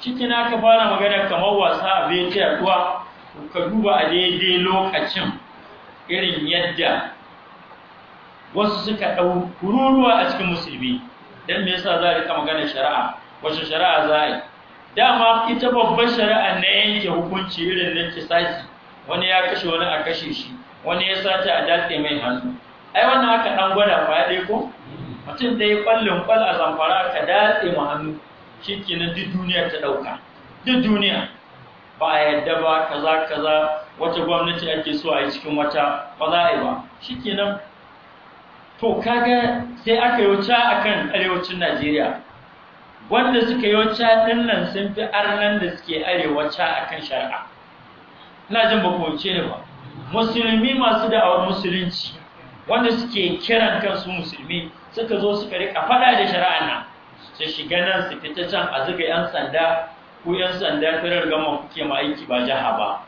cikin ka fara magana kamar wasa a bai ta ka duba a daidai lokacin irin yadda wasu suka ɗau kururuwa a cikin musulmi don me yasa za a rika magana shari'a wace shari'a za a yi dama ita babban shari'a na yanke hukunci irin ki kisasi wani ya kashe wani a kashe shi wani ya sace a datse mai hannu ai wannan aka dan gwada ba ya ko mutum ɗaya ƙwallon kwal a zamfara ka datse mu hannu shikenan duk duniyar ta ɗauka. duk duniya ba a yadda ba kaza kaza wata gwamnati ake so a yi cikin wata ba za a yi ba shikenan to kaga sai aka yi wuce akan arewacin Najeriya wanda suka yi wuce din nan sun fi arnan da suke arewaca akan shari'a ina jin ba ku ne ba musulmi masu da'awar musulunci wanda suke kiran kansu musulmi suka zo suka rika faɗa da shari'a nan su shiga nan su fita can a zuga 'yan sanda ku 'yan sanda firar gama kuke ma aiki ba jaha ba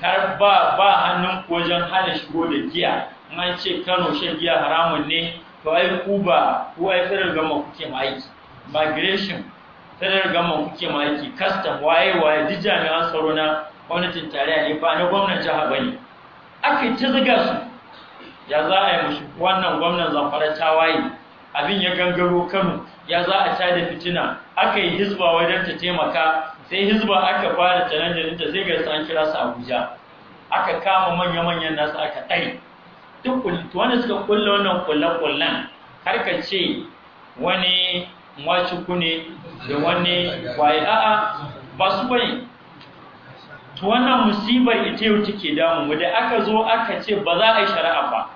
kar ba ba hannun wajen hana shigo da giya in an ce kano shan giya haramun ne to ai ku ba ku ai firar gama kuke ma aiki migration firar gama kuke ma aiki custom waye waye duk jami'an tsaro na gwamnatin tarayya ne ba na gwamnatin jiha bane aka ta su ya za a yi mushi wannan gwamnan zamfara tawaye abin ya gangaro kano ya za a tada fitina aka yi hizba wajen ta taimaka sai hizba aka fara challenge ta sai ga san kira su abuja aka kama manya-manyan nasu aka tsaye duk wanda suka kulle wannan kulle-kullen har ka ce wani mwacuku ne da wani kwaye a'a ba su bane to wannan musibar ita yau take damu mu da aka zo aka ce ba za a yi shari'a ba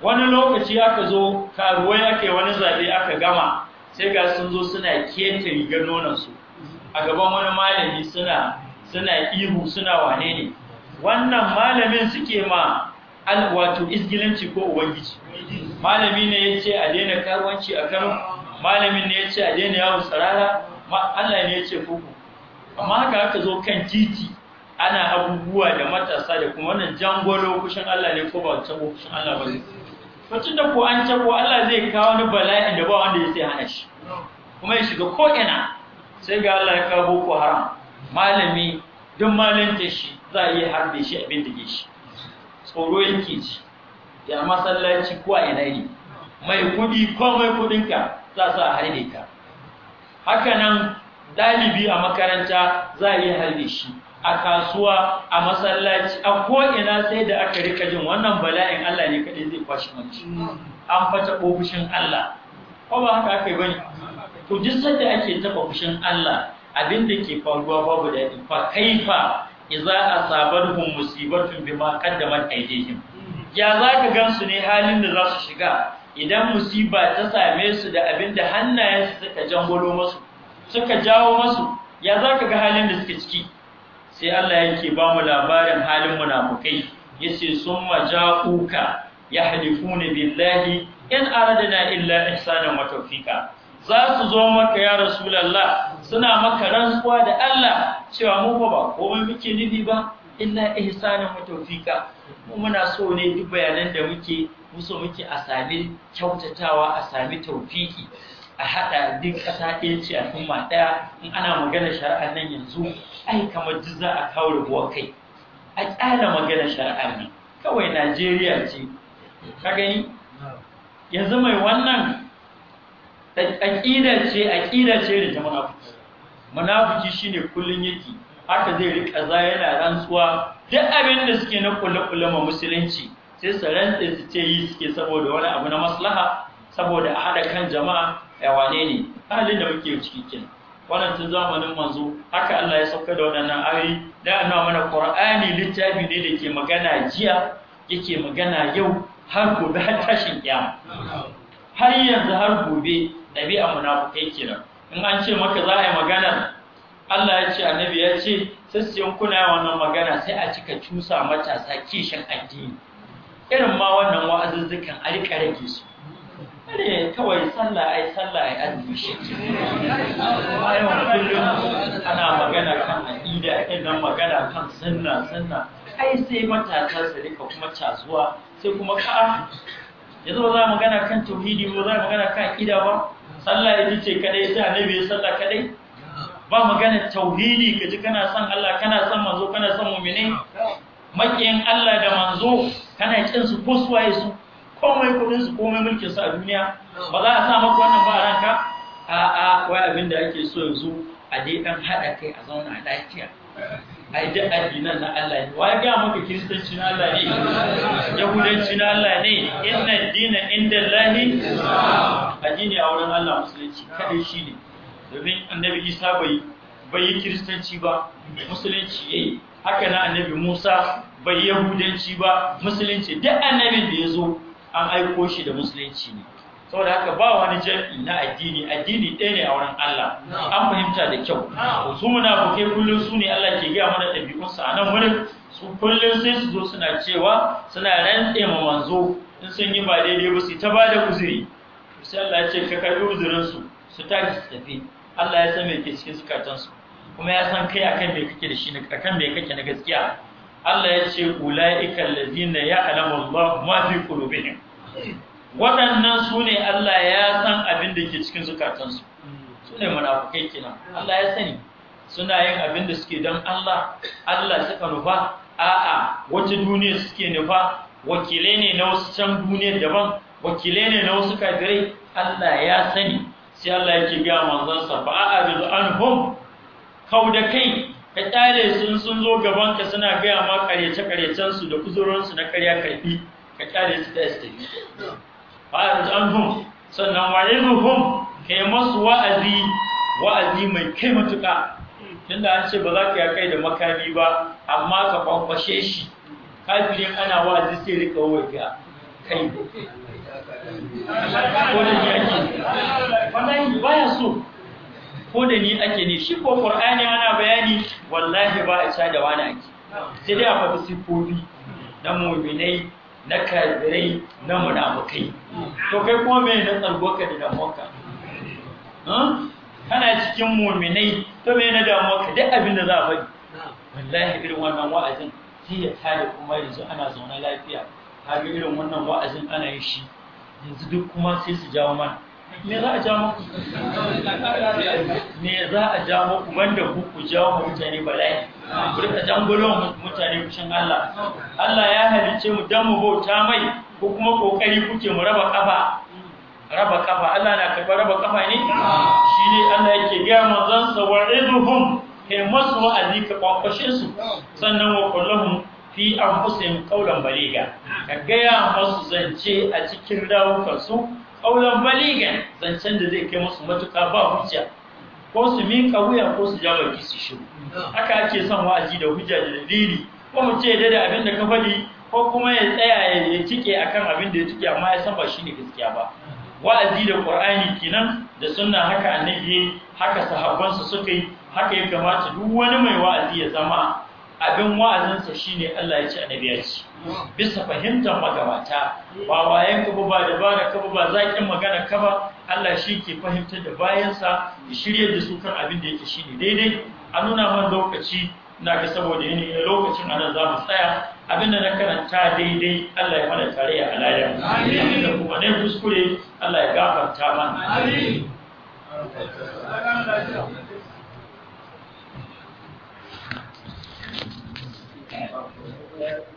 wani lokaci aka zo karuwai aka yi wani zaɓe aka gama sai ga sun zo suna keta rigar su a gaban wani malami suna suna ihu suna wane ne wannan malamin suke ma wato isgilanci ko ubangiji malami ne ya ce a daina karuwanci a kano malamin ne ya ce a daina yawon tsirara Allah ne ya ce koko amma haka aka zo kan titi ana abubuwa da matasa da kuma wannan jangolo kushin Allah ne ko ba tabo kushin Allah ba ne mutum da ko an tabo Allah zai kawo wani bala'i da ba wanda ya sai hana shi kuma ya shiga ko'ina. sai ga Allah ya kawo boko haram malami duk malanta shi za a iya harbe shi abin da ke shi tsoro yake ci ya masallaci ko a ina ne mai kudi ko mai kudinka za su harbe ka haka nan dalibi a makaranta za a iya harbe shi a kasuwa a masallaci a ko'ina sai da aka rika jin wannan bala'in Allah ne kaɗai zai kwashe mace an fata ofishin Allah ko ba haka aka yi bane to duk sanda ake taba fushin Allah abin da ke faruwa babu daɗi fa kaifa idza asabarhum musibatun bima qaddamat aydihim ya za ka gansu ne halin da za su shiga idan musiba ta same su da abin da hannayensu suka jangolo masu suka jawo masu ya za ka ga halin da suke ciki sai Allah yake ba mu labarin halin munafukai yace sun maja'uka yahlifuna billahi in aradna illa ihsanan wa tawfiqa za su zo maka ya rasulullah suna maka rantsuwa da Allah cewa mu ba komai muke nufi ba illa ihsanan wa tawfiqa mu muna so ne duk bayanan da muke musu muke a sami kyautatawa a sami tawfiqi a haɗa din ƙasa ɗaya ce al'umma ɗaya in ana magana shari'a nan yanzu ai kamar duk za a kawo rabuwar kai a ƙyala magana shari'ar ne, kawai najeriya ce ka gani yanzu mai wannan aƙida ce aƙida ce da jama'a munafiki shine kullun yake haka zai riƙa za yana rantsuwa duk abin da suke na kulle-kulle ma musulunci sai su rantsa su ce yi suke saboda wani abu na maslaha saboda a haɗa kan jama'a ya wane ne halin da muke ciki kenan wannan tun zamanin manzo haka Allah ya sauka da wannan ayoyi da annabawa mana Qur'ani littafi ne da ke magana jiya yake magana yau har gobe har tashin kiyama har yanzu har gobe ɗabi'a munafukai kenan in an ce maka za a yi magana Allah ya ce annabi ya ce sai su yankuna wannan magana sai a cika cusa matasa kishin addini irin ma wannan wa'azuzzukan a rika rage su ne kawai sallah ai sallah ai azumi shi bayan kullum ana magana kan aƙida nan magana kan sunna sunna ai sai matasa su rika kuma cazuwa sai kuma ka'a ah, yanzu ba za mu magana kan tauhidi ba za mu magana kan aƙida ba sallah yaji ce kadai sai annabi ya sallah kadai ba magana tauhidi kaji kana son Allah kana son manzo kana son mu'mini makiyin Allah da manzo kana kin su ko su komai kudin su komai mulkin su a duniya ba za a sa maka wannan ba ranka a a wai abin da ake so yanzu a je dan hada kai a zauna a lafiya ai duk addinan na Allah ne wai ga maka kiristanci na Allah ne yahudanci na Allah ne inna dina indallahi addini a wurin Allah musulunci kadai ne domin annabi Isa bai bai yi kiristanci ba musulunci yayi haka na annabi Musa bai yahudanci ba musulunci duk annabin da ya zo an aiko shi da musulunci ne saboda haka ba wani jam'i na addini addini ɗaya ne a wurin Allah an fahimta da kyau su munafukai kullum su ne Allah ke gaya mana ɗabi'unsu a nan wurin su kullum sai su zo suna cewa suna rantse ma manzo in sun yi ba daidai ba su ta ba da uzuri sai Allah ya ce ka karɓi uzurinsu su tashi su tafi Allah ya san me ke cikin zukatansu kuma ya san kai akan me kake da shi akan me kake na gaskiya Allah ya ce ulaika allazina ya'lamu Allah ma fi qulubihim waɗannan su ne Allah ya san abin da ke cikin zukatansu su ne munafukai kenan Allah ya sani suna yin abin da suke don Allah Allah suka nufa a'a wace duniya suke nufa wakile ne na wasu can duniya daban wakile ne na wasu kafirai Allah ya sani sai Allah yake ga manzansa ba An anhum kau da kai ka kyale sun sun zo gaban ka suna gaya ma karyace-karyacensu da kuzurinsu na karya karfi ka kyale su da Ba a fa'arij anhum sannan Ka kai masu wa'azi wa'azi mai kai matuƙa tunda an ce ba za ka kai da makami ba amma ka kwankwashe shi kafirin ana wa'azi sai rika waika kai ko da ni ake wallahi baya so ko da ni ake ne shi ko qur'ani ana bayani wallahi ba a sha da wani ake sai dai a faɗi sifofi na mu'minai na kafirai na munafukai to kai kuma me na tsargoka da damuwarka kana cikin muminai to me na damuwarka duk abin da za a bari wallahi irin wannan wa'azin shi ya tare kuma yanzu ana zaune lafiya har irin wannan wa'azin ana yin shi yanzu duk kuma sai su jawo mana me za a ja muku me za a ja muku banda ku ku jawo mu mutane bala'i ku rika jangulon mutane fushin Allah Allah ya halice mu dan mu bauta mai ko kuma kokari kuke mu raba kafa raba kafa Allah na karba raba kafa ne shi ne Allah yake ga manzon sa wa'iduhum kai masu wa'azi ka kwakwashe su sannan wa kullahum fi anfusihim qawlan baliga ka gaya ya masu zance a cikin rawukan su ƙaunar baliga zancen da zai kai musu matuƙa ba hujja ko su miƙa wuya ko su ja baki su shiru haka ake son wa'azi da hujja da dalili ko mu ce da abin da ka faɗi ko kuma ya tsaya ya cike akan abin da ya cike amma ya san ba shine gaskiya ba wa'azi da qur'ani kenan da sunna haka annabi haka sahabbansa suka yi haka ya kamata duk wani mai wa'azi ya zama abin wa'azinsa shine Allah ya ci annabi ya ce bisa fahimtar magabata ba wayan ka ba dabara ka ba zakin magana ka ba Allah shi ke fahimtar da bayansa ya shirya da su kan abin da yake shine daidai a nuna man lokaci na ga saboda ne lokacin anan za mu tsaya abin da na karanta daidai Allah ya mana tare a layar amin da kuma ne kuskure Allah ya gafarta mana amin Thank you.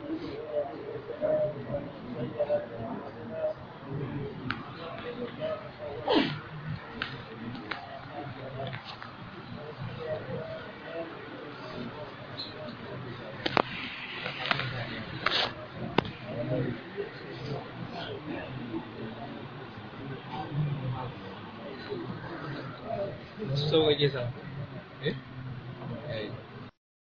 手机上。